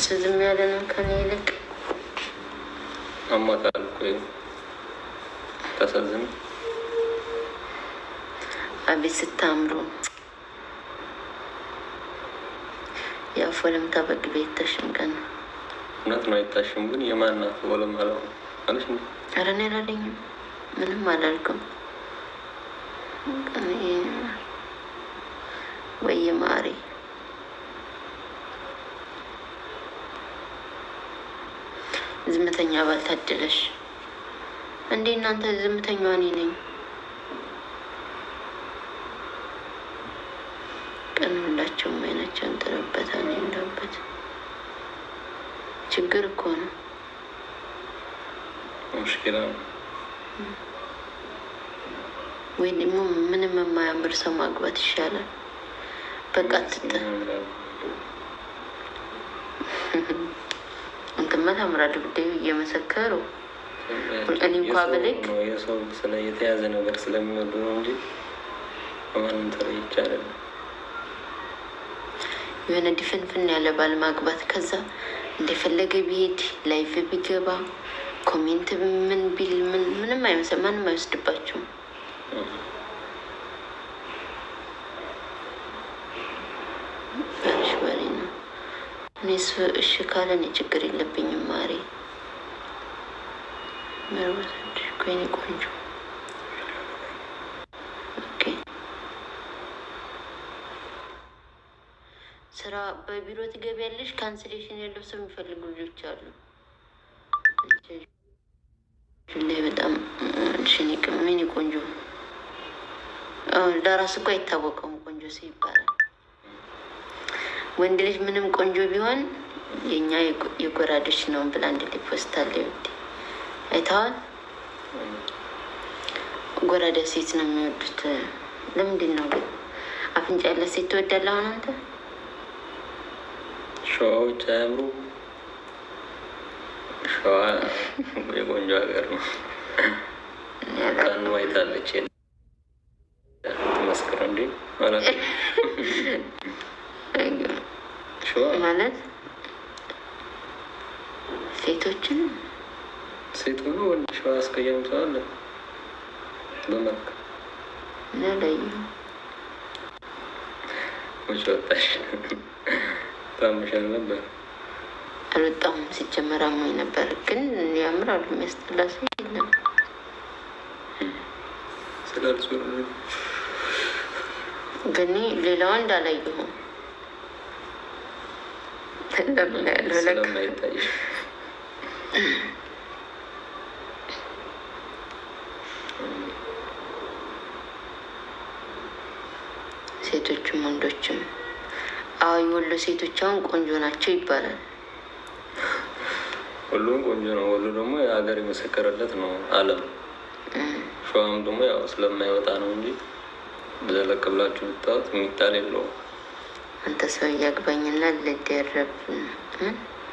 እሱ ዝም ያለ ነው ከኔ ይልቅ አሟታል እኮ ታሳዝም። አቤት ስታምሩ! የአፍ ወለምታ በግቤ ይታሽም ቀን እውነት ነው አይታሽም። ግን የማናት ወለም አለው አለሽ ነው። ኧረ እኔ አላለኝም፣ ምንም አላልኩም። ወይ ማሬ ዝምተኛ ባልታደለሽ እንዴ እናንተ ዝምተኛዋ እኔ ነኝ። ቀን ሁላቸው አይናቸው አንጠረበት እንዳበት ችግር እኮ ነው። ወይ ደግሞ ምንም የማያምር ሰው ማግባት ይሻላል። በቃ ትጠ ግመት አምራ ድብዳዩ እየመሰከሩ እኔ እንኳ ብልክ የሰው ስለ የተያዘ ነገር ስለሚወዱ ነው እንጂ በማንም ተለይቼ አይደለም። የሆነ ድፍንፍን ያለ ባል ማግባት ከዛ እንደፈለገ ቢሄድ ላይፍ ቢገባ ኮሜንት ምን ቢል ምንም አይመስል ማንም አይወስድባቸውም። እኔስ እሺ ካለን ችግር የለብኝም። ማሪ መርበቶች ኮይኔ ቆንጆ ስራ በቢሮ ትገቢያለሽ። ካንስሌሽን ያለው ሰው የሚፈልጉ ልጆች አሉ። ላይ በጣም ሽኔ ቅሜን ቆንጆ ዳራስ እኮ አይታወቀውም ቆንጆ ሰው ይባላል። ወንድ ልጅ ምንም ቆንጆ ቢሆን የእኛ የጎራዶች ነው ብላ እንድ ላይ ፖስት አይተዋል። ጎራዳ ሴት ነው የሚወዱት። ለምንድን ነው ግን አፍንጫ ያለ ሴት ትወዳለህ? አሁን አንተ ሸዋዎች አያምሩ። ሸዋ የቆንጆ ሀገር ነው። ታንማይታለች ማለት ሴቶችን ሴት ሆኖ ወንድ ሸዋ አስቀያሚ ሰው በመልክ ለለዩ ወጣሽ? ታምሻል ነበር ሩጣሁም ሲጀመር አሞኝ ነበር። ግን ያምራሉ። የሚያስጠላ ሰው የለም። ስላልሱ ግን ሌላ ወንድ አላየሁም። ሴቶችም ወንዶችም አዎ፣ የወሎ ሴቶች አሁን ቆንጆ ናቸው ይባላል። ሁሉም ቆንጆ ነው። ወሎ ደግሞ የሀገር የመሰከረለት ነው ዓለም። ሸዋም ደግሞ ያው ስለማይወጣ ነው እንጂ ዘለቅ ብላችሁ ብታዩት የሚጣል የለውም። አንተ ሰው ያግባኝና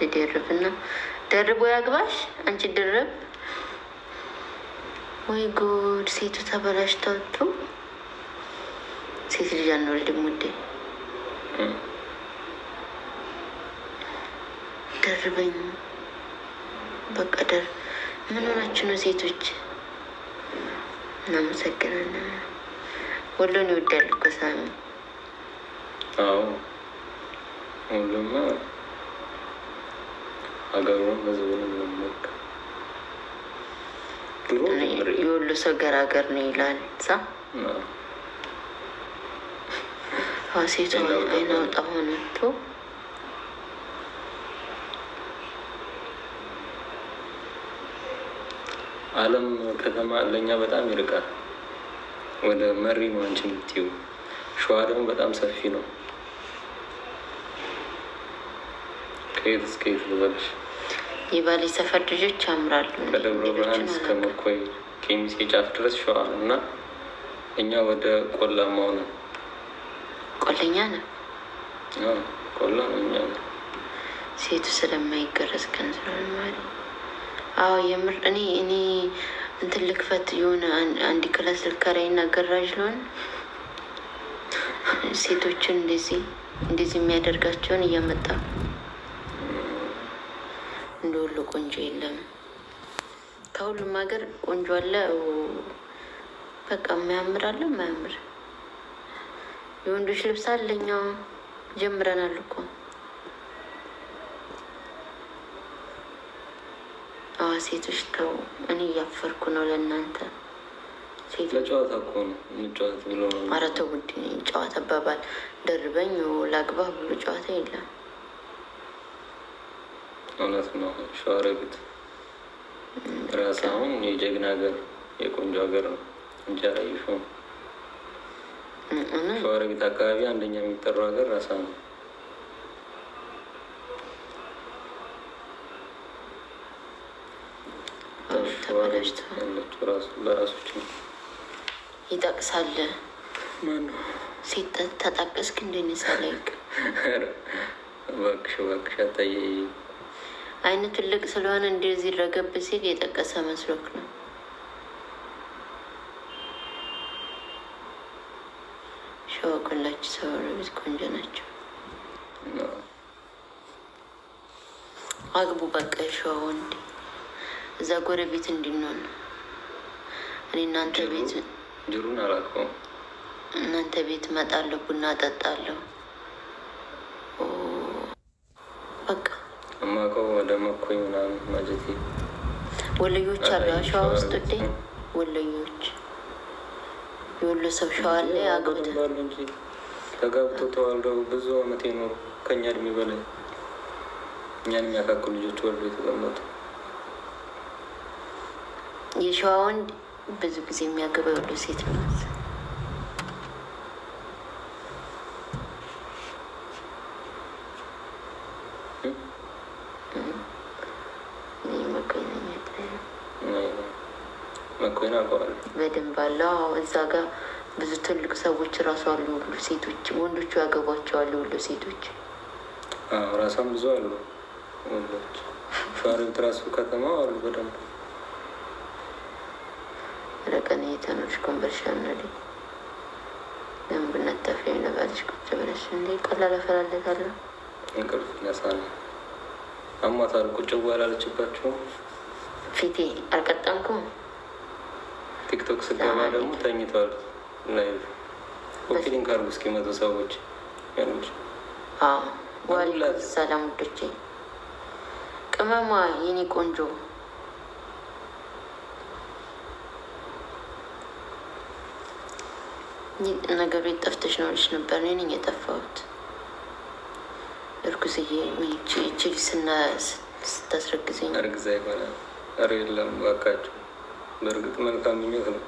ልደርብና ደርቦ ያግባሽ አንቺ ድርብ። ወይ ጉድ! ሴቱ ተበላሽታቱ። ሴት ልጅ አንወልድም ውዴ። ደርበኝ በቃ ደር ምን ሆናችሁ ነው ሴቶች? እናመሰግናለን። ወሎን ይወዳል እኮ ሳሚ አዎ ሁሉማ ሀገሩን ህዝቡንም መመክ የወሎ ሰው ገራገር ነው ይላል። ሳ አይናውጣ ሆነቶ አለም ከተማ ለእኛ በጣም ይርቃል። ወደ መሪ ነው አንቺ የምትይው። ሸዋ ደግሞ በጣም ሰፊ ነው። ከየት እስከ የት ልበልሽ? የባሌ ሰፈር ልጆች ያምራሉ። ከደብረ ብርሃን እስከ መኮይ ከሚሴ ጫፍ ድረስ ሸዋ እና እኛ ወደ ቆላማው ነው። ቆለኛ ነው ቆላ ነው እኛ ነው። ሴቱ ስለማይገረዝ ከንስራል ማለት አዎ፣ የምር እኔ እኔ እንትን ልክፈት የሆነ አንድ ክላስ ልከራይ እና ገራዥ ልሆን ሴቶችን እንደዚህ እንደዚህ የሚያደርጋቸውን እያመጣ እንደ ወሎ ቆንጆ የለም። ከሁሉም ሀገር ቆንጆ አለ። በቃ የሚያምር አለ የማያምር የወንዶች ልብስ አለኛው ጀምረናል እኮ አዋ ሴቶች ተው፣ እኔ እያፈርኩ ነው ለእናንተ ለጨዋታ እኮ ነው እንጫወት ብሎ ነው። ኧረ ተው ውድ ጨዋታ አባባል ደርበኝ ላግባህ ብሎ ጨዋታ የለም። እውነት ነው። ሸዋሮቢት ራስ አሁን የጀግና ሀገር የቆንጆ ሀገር ነው። እንጃ ላይሾ ሸዋሮቢት አካባቢ አንደኛ የሚጠሩ ሀገር ራሳ ነው። በራሶች ነው ይጠቅሳል። ሴት ተጠቀስክ እንደኔ ሳላይቅ እባክሽ እባክሽ አታየ አይን ትልቅ ስለሆነ እንደዚህ ረገብ ሲል የጠቀሰ መስሎክ ነው። ሸወቅላችሁ ሰው ረቢት ቆንጆ ናቸው። አግቡ በቃ የሸዋ ወንድ እዛ ጎረቤት እንዲንሆን እኔ እናንተ ቤት እናንተ ቤት እመጣለሁ፣ ቡና እጠጣለሁ። ማቀው ወደ መኩኝ ምናምን ማጀቴ ወለዮች አሉ። ሸዋ ውስጥ ውዴ ወለዮች የወሎ ሰብ ሸዋ አለ። እንጂ ተጋብተው ተዋልደው ብዙ አመት የኖሩ ከእኛ እድሜ በላይ እኛን የሚያካክሉ ልጆች ወሎ የተቀመጡ የሸዋ ወንድ ብዙ ጊዜ የሚያገባ የወሎ ሴት ነው። ባሎች ራሱ አሉ ሁሉ ሴቶች ወንዶቹ ያገቧቸው አሉ ሁሉ ሴቶች ራሷም ብዙ አሉ ወንዶች ሸዋሮቢት ራሱ ከተማ አሉ በደንብ ረቀን የተኖች ኮንቨርሽን ነዲ ደንብ ነጠፍ ለባልሽ ቁጭ ብለሽ እንዴ ቀላል አፈላለጋለሁ እንቅልፍ ነሳለ አማታል ቁጭ ያላለችባቸው ፊቴ አልቀጠምኩም ቲክቶክ ስገባ ደግሞ ተኝቷል ላይቭ ኮፊሊንግ አድርጉ እስኪ መቶ ሰዎች ያሉች ሰላም ውዶቼ። ቅመማ የኔ ቆንጆ ነገር የጠፍተሽ ነው ልሽ ነበር ነኝ የጠፋሁት። እርጉዝዬ ችል ስታስረግዘኝ እርግዛ ይሆናል። ኧረ የለም እባካችሁ፣ በእርግጥ መልካም ምኞት ነው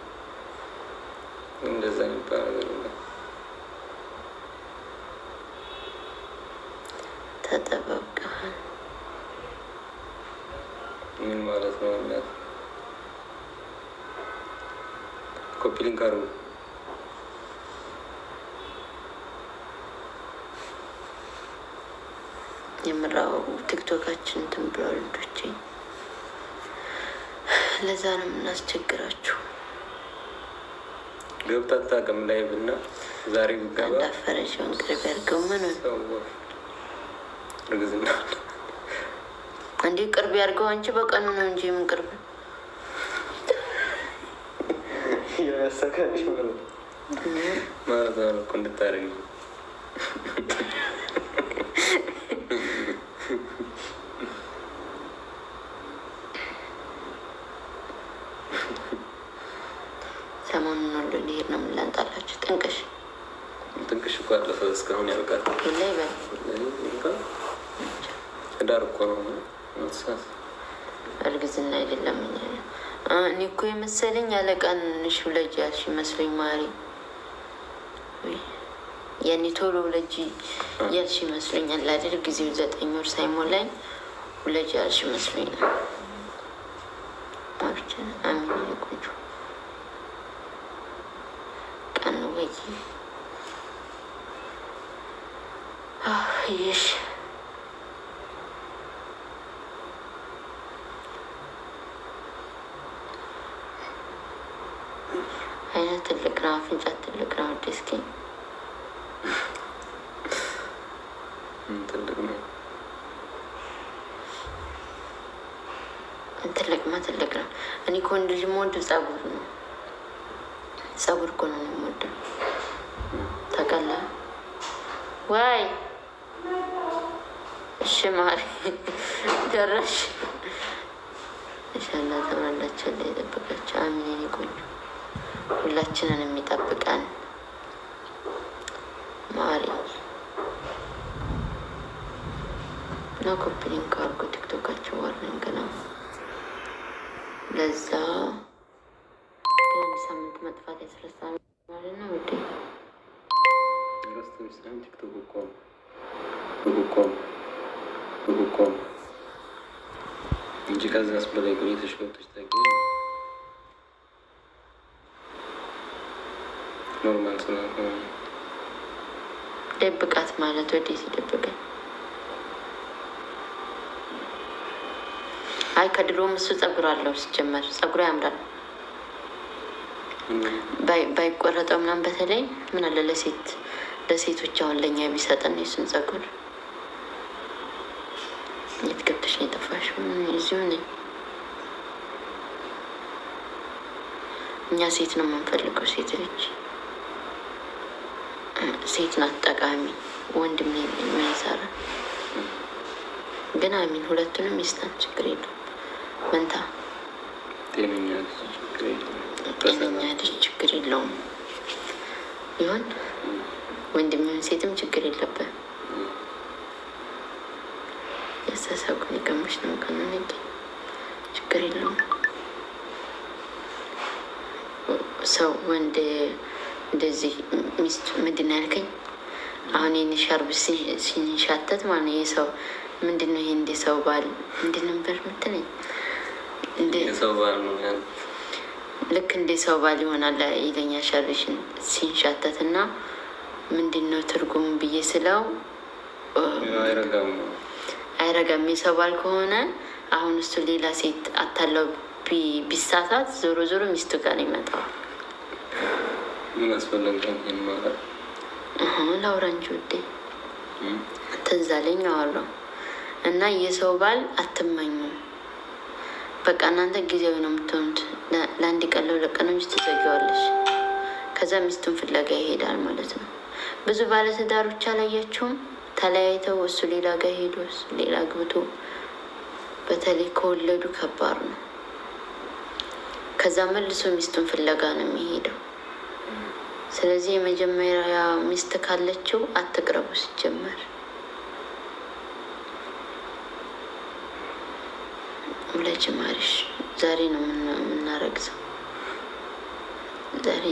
እንደዛ የሚባል ነገር ቲክቶካችን እንትን ብሏል። እንዶቼ ለዛ ነው የምናስቸግራችሁ። ገብታ ታቅም ላይ ብና ዛሬ እንዳፈረሽው ቅርብ ያርገው ምን እርግዝና እንዲህ ቅርብ ያርገው። አንቺ በቀኑ ነው እንጂ ምን ቅርብ ያሳካሽ ማለት ነው እንድታደርግ ሰሞኑን ወንዶ ሊሄድ ነው። ምን ጥንቅሽ ጥንቅሽ እኮ አለፈ፣ እስካሁን ያልቃል። ይበል ህዳር እኮ ነው እርግዝና አይደለም። እኔ እኮ የመሰለኝ አለቃንሽ ብለጅ ያልሽ ይመስለኝ ማሪ፣ የኔ ቶሎ ብለጅ ያልሽ ይመስለኛል አይደል? ጊዜው ዘጠኝ ወር ሳይሞላኝ ብለጅ ያልሽ ይመስለኛል። Ach, ich. አይነት ትልቅ ነው፣ አፍንጫት ትልቅ ነው። አዲስ ትልቅ ነው። ትልቅ ነው። እኔ ከወንድ ልጅ የምወደው ነው። እኮ ነው የምወደው። አለቀለ ዋይ እሺ ማሪ ደረሽ እንሻላ ተመላችን ላይ የጠበቀች አሚን የኔ ቆንጆ ሁላችንን የሚጠብቀን ማሪ እና ኮፕሊን ካርጎ ቲክቶካቸው ዋርኒንግ ነው። ለዛ ሳምንት መጥፋት ያስረሳል። Islamic Tugukom. Tugukom. Tugukom. Indicados nas perguntas que eu estou aqui. Normal, se não. ደብቃት ማለት ወዴት ይደብቃል? አይ ከድሮም እሱ ጸጉር አለው ሲጀመር ጸጉሩ ያምራል። ባይቆረጠው ምናምን በተለይ ምን አለ ለሴት ለሴቶች አሁን ለእኛ የሚሰጠን የሱን ጸጉር የት ገብተሽ ነው የጠፋሽ? እዚሁ ነኝ። እኛ ሴት ነው የምንፈልገው። ሴት ልጅ ሴት ናት ጠቃሚ። ወንድ ምን ይሰራል? ግን አሚን ሁለቱንም ይስታን፣ ችግር የለም። መንታ ጤነኛ ልጅ ችግር የለውም ይሆን ወንድም ሴትም ችግር የለብን። ያስተሳሰብኩን የቀመች ነው ቀኑን እንጂ ችግር የለውም። ሰው ወንድ እንደዚህ ሚስቱ ምንድን ነው ያልከኝ? አሁን ይህን ሻርብ ሲንሻተት ማለት ነው። ይህ ሰው ምንድን ነው? ይህ እንደ ሰው ባል ምንድን ነበር የምትለኝ? ልክ እንደ ሰው ባል ይሆናል ይለኛ ሻርብ ሲንሻተት እና ምንድን ነው ትርጉሙ ብዬ ስለው አይረጋም የሰው ባል ከሆነ አሁን እሱ ሌላ ሴት አታለው ቢሳሳት ዞሮ ዞሮ ሚስቱ ጋር ነው ይመጣዋል። ለውረንጅ ውዴ ትንዛለኝ አዋለው እና የሰው ባል አትመኙ። በቃ እናንተ ጊዜያዊ ነው የምትሆኑት። ለአንድ ቀን ለቀነች ትዘጊዋለች። ከዛ ሚስቱን ፍለጋ ይሄዳል ማለት ነው። ብዙ ባለትዳሮች አላያችሁም? ተለያይተው እሱ ሌላ ጋር ሄዶ ሌላ ግብቶ፣ በተለይ ከወለዱ ከባድ ነው። ከዛ መልሶ ሚስቱን ፍለጋ ነው የሚሄደው። ስለዚህ የመጀመሪያ ሚስት ካለችው አትቅረቡ ሲጀመር። ለጅማሪሽ ዛሬ ነው የምናረግዘው ዛሬ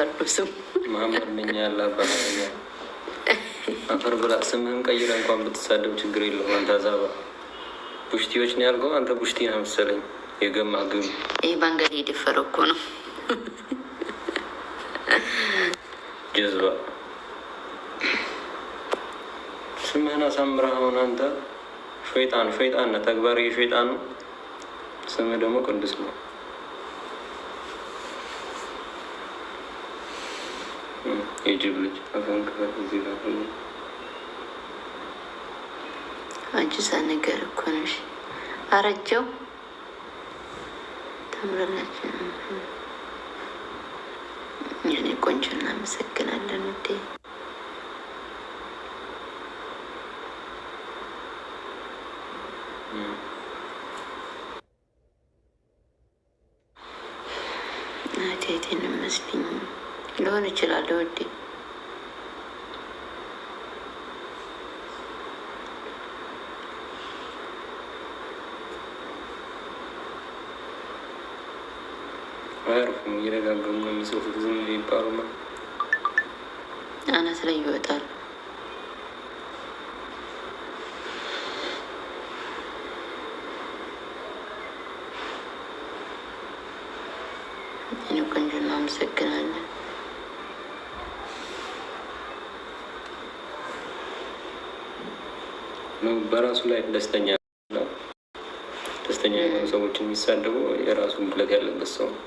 መሐመድ ነው ስም መሐመድ ነኝ ያለ አፈር ብላ። ስምህን ቀይረ እንኳን ብትሳደብ ችግር የለውም። አንተ አዛባ ቡሽቲዎች ነው ያልከው። አንተ ቡሽቲ ነው መሰለኝ የገማ ግብ። ይህ ባንጋሊ የደፈረው እኮ ነው ጀዝባ። ስምህን አሳምረህ አሁን አንተ ሸይጣን ሸይጣን ነህ። ተግባር የሸይጣን ነው። ስምህ ደግሞ ቅዱስ ነው። እዚህ አጅዛ ነገር እኮ ነሽ። አረጀው ታምራለች። የኔ ቆንጆ እናመሰግናለን እህቴ እህቴን መስልኝ እየደጋገሙ የሚጽፉት። ዝም አናት ላይ ይወጣል። እኔ ቆንጆ በራሱ ላይ ደስተኛ ደስተኛ የሆኑ ሰዎች የሚሳደቡ የራሱ ጉድለት ያለበት ሰው ነው።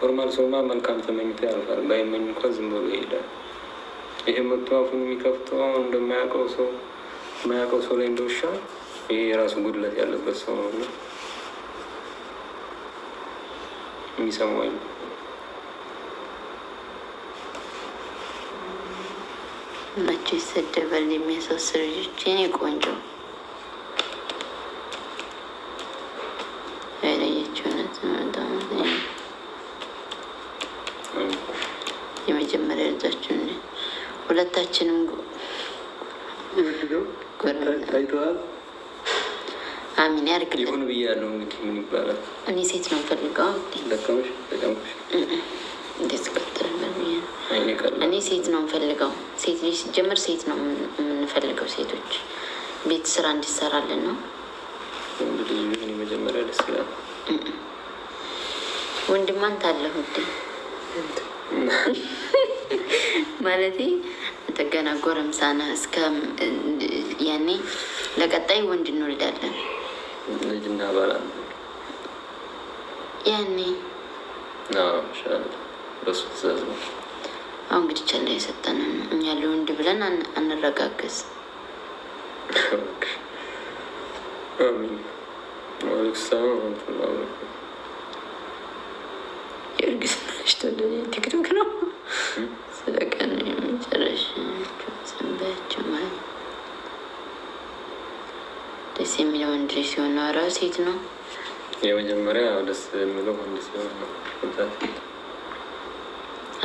ኖርማል ሰውማ መልካም ተመኝቶ ያልፋል፣ ባይመኝ እንኳ ዝም ብሎ ይሄዳል። ይሄ መቶ አፉን የሚከፍተው እንደማያውቀው ሰው የማያውቀው ሰው ላይ እንደውሻ ይሄ የራሱ ጉድለት ያለበት ሰው ነው እና የሚሰማኝ መቼ ይሰደባል የሚያሳስር ልጆች የኔ ቆንጆ ሁለታችንም አሚን ያርግልን። ይሁን ብያለሁ። እንግዲህ ምን ይባላል? እኔ ሴት ነው ፈልገው እኔ ሴት ነው ፈልገው ሴት ልጅ ሲጀምር ሴት ነው የምንፈልገው። ሴቶች ቤት ስራ እንዲሰራልን ነው። መጀመሪያ ደስ ይላል። ወንድማን ታለሁ ማለት ገና ጎረምሳ ነህ። እስከ ያኔ ለቀጣይ ወንድ እንወልዳለን። ያኔ በሱ ትእዛዝ ነው። አሁን እንግዲህ ቻላ የሰጠንን እኛ ለወንድ ብለን አንረጋገዝ። የእርግዝናሽ ቲክቶክ ነው ስለቀን ደስ የሚለው ወንድ ሲሆን ነው። ኧረ ሴት ነው የመጀመሪያ ደስ የሚለው ወንድ ሲሆን ነው።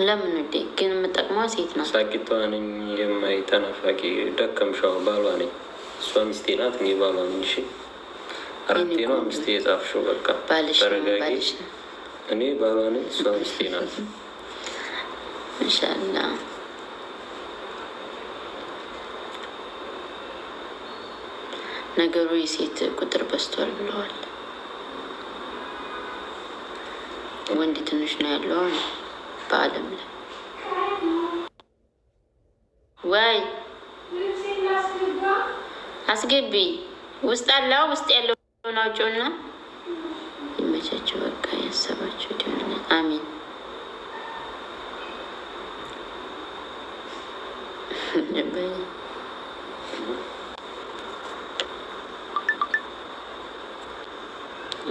ለምን ውዴ? ግን የምጠቅመው ሴት ነው። ሳቂቷ ነኝ የማይተናፋቂ ደከምሻው ባሏ ነኝ። እሷ ሚስቴ ናት፣ እኔ ባሏ ነኝ። እሺ አራቴ ነው ሚስቴ የጻፍሽው። በቃ ተረጋጊ። እኔ ባሏ ነኝ፣ እሷ ሚስቴ ናት። ኢንሻላህ ነገሩ የሴት ቁጥር በዝቷል ብለዋል። ወንድ ትንሽ ነው ያለው በዓለም ላይ ወይ አስገቢ ውስጥ አለው ውስጥ ያለው ናውጭና ይመቻቸው። በቃ ያሰባቸው ዲሆነ አሚን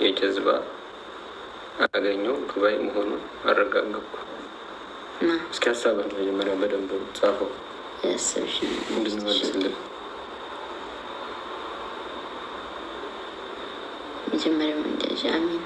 የጀዝባ አገኘው ጉባኤ መሆኑን አረጋገጥኩ። እስኪ ሀሳብ መጀመሪያ በደንብ ጻፈው እንድንመልስልን። መጀመሪያ መንደጃ አሚን